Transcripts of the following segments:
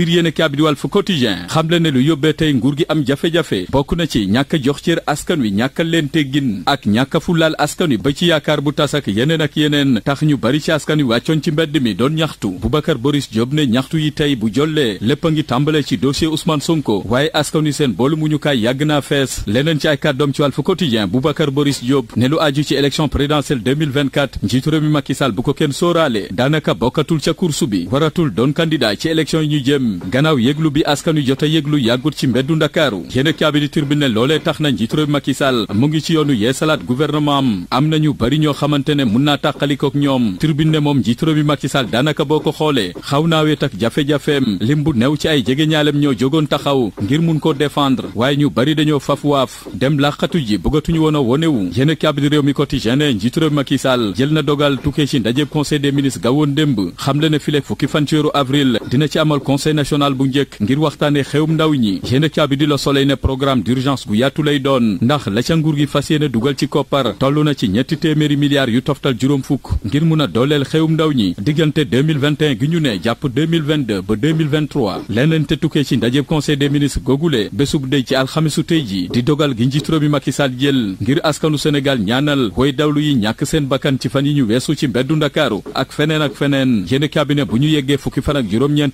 biir yéen a bi di Walf Quotidien xam le ne lu yóbbee tey nguur gi am jafe-jafe bokk na ci ñàkk a jox cër askan wi ñàkk a leen teggin ak ñàkk a fulaal askan wi ba ci yaakaar bu tas ak yeneen ak yeneen tax ñu bari ci askan wi wàccoon ci mbedd mi doon ñaxtu Boubacar Boris Diop ne ñaxtu yi tey bu jollee lépp a ngi tàmbale ci dossier Ousmane Sonko waaye askan wi seen boolu mu ñu kaay yàgg naa fees leneen ci ay kàddoom ci Walf Quotidien Boubacar Boris Diop ne lu aju ci élection présidentielle 2024 njiitu réew mi Macky Sall bu ko kenn sóoraale daanaka bokkatul ca course bi waratul doon candidat ci dem gannaaw yëglu bi askan wi jot a yëglu yàggut ci mbeddu ndakaaru yéen kaabi di turbine loolee tax na njiitu réew Macky Sall mu ngi ci yoonu yeesalaat gouvernement am am nañu bari ñoo xamante ne mun naa ko tàqalikook ñoom turbine moom njiitu réew bi Macky Sall daanaka boo ko xoolee xaw naa weet ak jafe-jafeem lim bu new ci ay jege ñaalem ñoo jógoon taxaw ngir mun ko défendre waaye ñu bari dañoo faf waaf dem làqatu ji bëggatuñu woon a wonewu yéen kaabi di réew mi quotidien njiitu réew Macky Sall jël na dogal tukkee ci ndajeb conseil des ministres gawoon démb xam le ne fileeg fukki fan ci national bu njëkk ngir waxtaane xewum ndaw ñi yéenekaay bi di la Soleil ne programme d'urgence gu yaatu lay doon ndax la ca gi fas yéene dugal ci koppar toll na ci ñetti téeméeri milliards yu toftal juróom fukk ngir mun a dooleel xewum ndaw ñi diggante 2021 gi ñu ne jàpp 2022 ba 2023 leneen te tukkee ci ndajeb conseil des ministres googule bésub dey ci alxamisu tey ji di dogal gi njiit réew mi Macky Sall jël ngir askanu Sénégal ñaanal woy dawlu yi ñàkk seen bakkan ci fan yi ñu weesu ci mbeddu Ndakaaru ak feneen ak feneen yéenekaay bi ne bu ñu yeggee fukki fan ak gi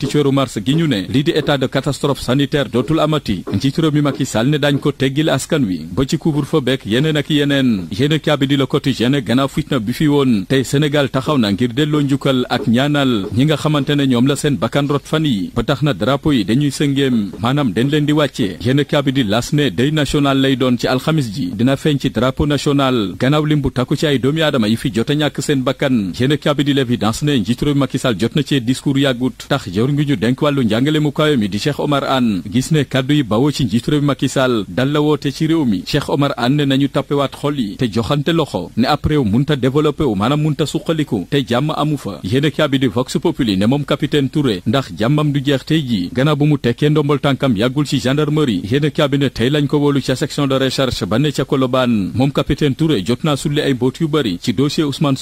ñu ne lii di état de catastrophe sanitaire dootul amati njiitu réew mi Macky Sall ne daañ ko teggil askan wi ba ci couvre-feu beek yeneen ak yeneen yéen caabi di Le Quotidien gannaaw fitna bi fi woon tey Sénégal taxaw na ngir delloo njukkal ak ñaanal ñi nga xamante ne ñoom la seen bakkan rot fan yi ba tax na drapeau yi dañuy sëngeem maanaam dañ leen di wàcce yéen caabi di las ne deuil national lay doon ci alxamis ji dina feeñ ci drapeau national gannaaw lim bu ci ay doomi aadama yi fi jot ñàkk seen bakkan yéen caabi di L'Évidence ne njiitu réew mi Macky na ci discours yàggut tax wàllu njàngale mu kawe mi di Cheikh Omar Anne gis ne kàddu yi bawoo ci njiitu réew mi Macky Sall dal la woote ci réew mi Cheikh Omar Anne ne nañu tappewaat xol yi te joxante loxo ne ab réew munta développé wu munta suqaliku te jàmm amu fa yéen a kaabi di Vox Populi ne moom capitaine Touré ndax jàmmam du jeex tey jii gannaaw bu mu tekkee ndombol tànkam yàggul ci gendarmerie yéen a kaabi ne tey lañ ko wóolu ca section de recherche ba ne ca Colobane moom capitaine Touré jot naa sulli ay mboot yu bari ci dossier Ousmane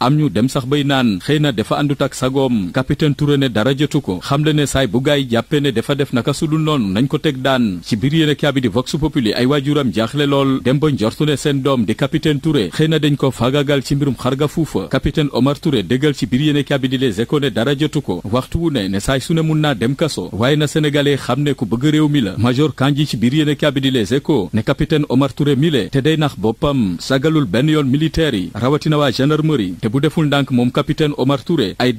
am dem sax bay naan xëy na dafa àndut ak sagoom capitaine Touré ne dara jotu ko xam le ne saay bu gaay yi jàppee ne dafa def naka su dul noonu nañ ko teg daan ci biir yéen a kaabi di vox populi ay waajuram jaaxle lool dem ba njortu ne seen doom di capitaine Touré xëy na dañ ko fagagal ci mbirum xarga fuufa capitaine Omar Touré déggal ci biir yéen a kaabi di ne dara jotu ko waxtuwu ne ne saay su ne mun naa dem kaso waaye na sénégalais xam ne ku bëgg réew mi la major Kandji ci biir yéen a kaabi di les écoles ne capitaine Omar Touré mile day nax boppam sagalul benn yoon militaire yi rawatina waa gendarmerie te bu deful ndànk moom capitaine Omar Touré ay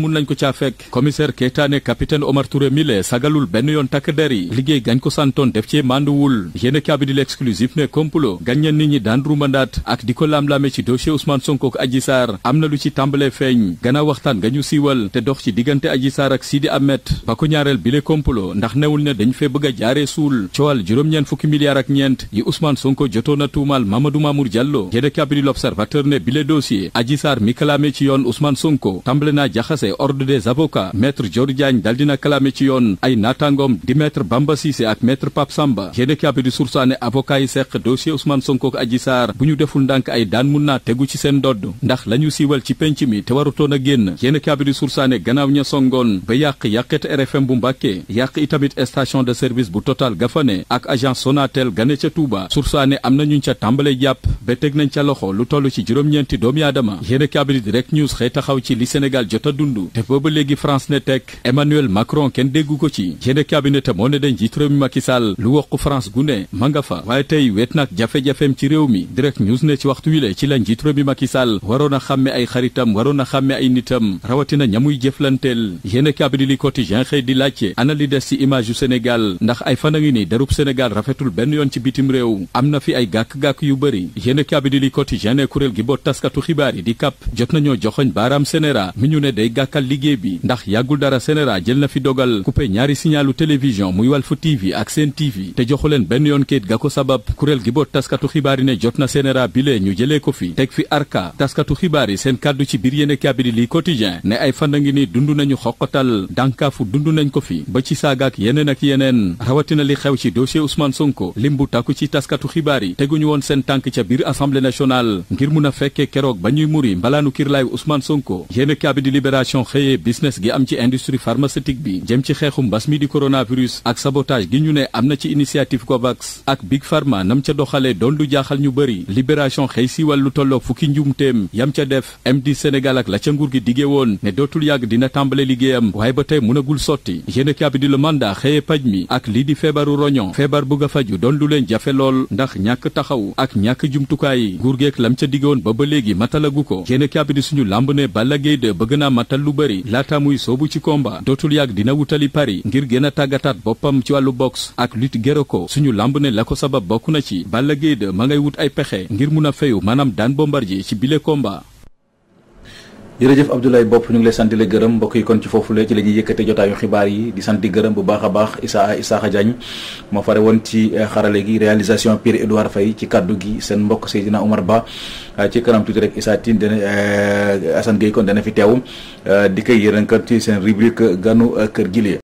mun nañ ko caa fekk commissaire Keita santaane capitaine Omar Touré mile sagalul benn yoon takk der liggéey gañ ko santoon def cee manduwul yéena kaabi di l'exclusif ne complot gàññeen nit ñi daan rumandaat ak di ko laam ci dossier Ousmane Sonko ak Adji am na lu ci tàmbalee feeñ gannaaw waxtaan nga siiwal te dox ci diggante Adji Sarr ak Sidi Ahmed ba ko ñaareel bile complot ndax newul ne dañ fee bëgg a suul coowal yi Ousmane Sonko jotoon a tuumaal Mamadou Mamour Diallo yéena kaabi di l'observateur Mamour Diagne dal dina clamé ci yoon ay naataangoom di maître Bamba Cissé ak maître Pape Samba yéene kaabi di sursaane avocat yi seq dossier Ousmane Sonko ak Adji Sarr bu ñu deful ndànk ay daan mun naa tegu ci seen dodd ndax la ñu siiwal ci penc mi te warutoon a génn yéene kaabi di sursaane gannaaw ña songoon ba yàq yàqet RFM bu Mbàkke yàq itamit station de service bu Total Gafane ak agence Sonatel gane ca Touba sursaane am na ñu ca tàmbale jàpp ba teg nañ ca loxo lu toll ci juróom-ñeenti doomi aadama yéene kaabi di Direct ci li Sénégal jot a dund Emmanuel Macron kenn déggu ko ci génne cabinet moo ne dañ jiitu réew Sall lu wokk France gu ne ma nga fa waaye tey wet nag jafe-jafeem ci réew mi direct news ne ci waxtu wi ci la njiitu réew mi Macky Sall waroon a xàmme ay xaritam waroon a xàmme ay nitam rawatina ñamuy jëflanteel yéene cabinet li quotidien xëy di laajte ana li des ci image yu Sénégal ndax ay fan a ngi ni derub Sénégal rafetul benn yoon ci bitim réew am na fi ay gàkk-gàkk yu bëri yéene cabinet li quotidien ne kuréel gi boo taskatu xibaar yi di kap jot nañoo joxoñ baaraam sénéra mi ñu ne day gàkkal liggéey bi ndax yàggul sénéra jël na fi dogal coupé ñaari signalu télévision muy Walf TV ak Sen TV te joxu leen benn yoon kayit ga ko sabab kuréel gi boot taskatu xibaar yi ne jot na sénéra bile ñu jëlee ko fi teg fi arka taskatu xibaar yi seen kàddu ci biir yéene kaabidi li quotidien ne ay fan a ngi ni dund nañu xoqatal dànkaafu dund nañ ko fi ba ci ak yeneen ak yeneen rawatina li xew ci dossier Ousmane Sonko lim bu tàkku ci taskatu xibaar yi teguñu woon seen tànk ca biir assemblée nationale ngir mun a fekkee keroog ba ñuy muri mbalaanu kirlaayu Ousmane Sonko yéene kaabidi libération xëyee business gi am industrie pharmaceutique bi jëm ci xeexu mbas mi di coronavirus ak sabotage gi ñu ne am na ci initiative COVAX ak Big Pharma nam ca doxalee doon lu jaaxal ñu bëri libération xëy si wàllu tolloog fukki njumteem yam ca def MD Sénégal ak la ca nguur gi diggee woon ne dootul yàgg dina tàmbale liggéeyam waaye ba tey mënagul sotti yéene kaabi di le mandat xëye paj mi ak lii di feebaru roño feebar bu nga faju doon lu leen jafe lool ndax ñàkk taxaw ak ñàkk jumtukaay nguur geek lam ca digge woon ba ba léegi matalagu ko yéene kaabi di suñu làmb ne Balla combat dootul yàgg dina wutali Paris ngir gën a tàggataat boppam ci wàllu box ak lutte ko suñu lamb ne la ko sabab bokk na ci Balla Gaye 2 ma ngay wut ay pexe ngir mun a feyu maanaam daan Bombardier ci bile combat jërëjëf Abdoulaye Bopp ñu ngi lay sant di la gërëm mbokk yi kon ci foofule ci la ñuy yëkkate jotaayu xibaar yi di sant di gërëm bu baax baax Issa Issa Diagne moo fare woon ci eh, xarale gi réalisation Pierre Edouard fay ci kaddu gi seen mbokk Seydina Omar Ba eh, ci kanam tuuti rek Issa Tine dana eh, Assane Gueye kon dana fi teew di koy yërënkat ci seen rubrique ganu kër gi